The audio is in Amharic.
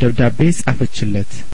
ደብዳቤ ጻፈችለት